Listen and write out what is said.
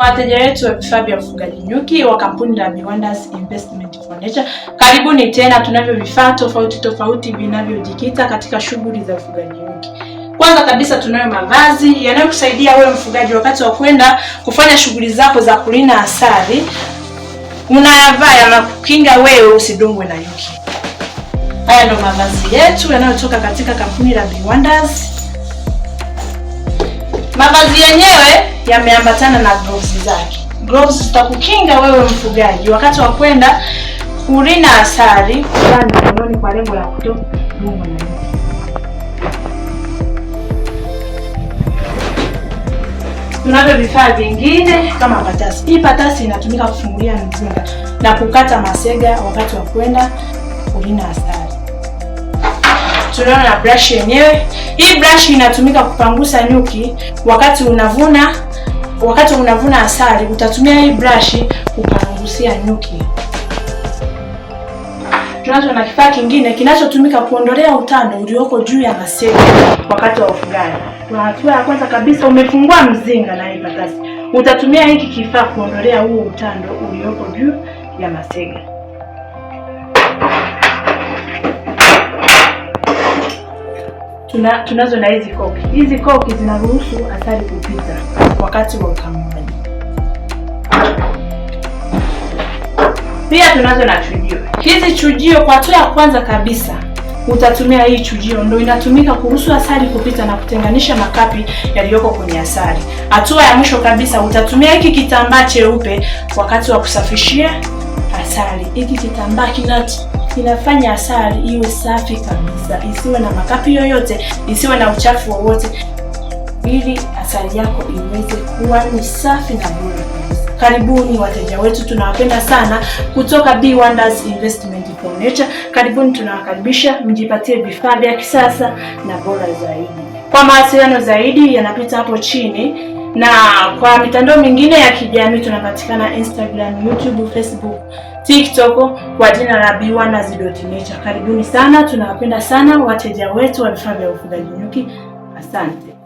Wateja wetu wa vifaa vya ufugaji nyuki wa kampuni la Viwanders Investment Foundation, karibuni tena. Tunavyo vifaa tofauti tofauti vinavyojikita katika shughuli za ufugaji nyuki. Kwanza kabisa tunayo mavazi yanayokusaidia wewe mfugaji, wakati wa kwenda kufanya shughuli zako za kulina asali, unayavaa yanakukinga wewe usidungwe na nyuki. Haya ndo mavazi yetu yanayotoka katika kampuni la Viwanders. Mavazi yenyewe yameambatana na gloves zake. Gloves zitakukinga wewe mfugaji wakati wa kwenda kurina asali fulani mkononi kwa lengo la kutoumwa na Tunavyo vifaa vingine kama patasi. Hii patasi inatumika kufungulia mzinga na kukata masega wakati wa kwenda kulina asali tunaona na brush yenyewe. Hii brush inatumika kupangusa nyuki wakati unavuna wakati unavuna asali, utatumia hii brush kupangusia nyuki. Tunacho na kifaa kingine kinachotumika kuondolea utando ulioko juu ya masega wakati wa ufugaji. Kwa hatua ya kwanza kabisa, umefungua mzinga na hii patasi, utatumia hiki kifaa kuondolea huo utando ulioko juu ya masega. tuna, tunazo na hizi koki. Hizi koki zinaruhusu asali kupita wakati wa ukamuaji. Pia tunazo na chujio. Hizi chujio, kwa hatua ya kwanza kabisa utatumia hii chujio, ndio inatumika kuruhusu asali kupita na kutenganisha makapi yaliyoko kwenye asali. Hatua ya mwisho kabisa utatumia hiki kitambaa cheupe wakati wa kusafishia asali. Hiki kitambaa kina inafanya asali iwe safi kabisa, isiwe na makapi yoyote, isiwe na uchafu wowote, ili asali yako iweze kuwa ni safi na bora. Karibuni wateja wetu, tunawapenda sana kutoka B Wonders Investment Furniture. Karibuni, tunawakaribisha mjipatie vifaa vya kisasa na bora zaidi. Kwa mawasiliano zaidi yanapita hapo chini na kwa mitandao mingine ya kijamii tunapatikana Instagram, YouTube, Facebook, TikTok kwa jina la Bwanazi.nature. Karibuni sana, tunawapenda sana wateja wetu wa vifaa vya ufugaji nyuki. Asante.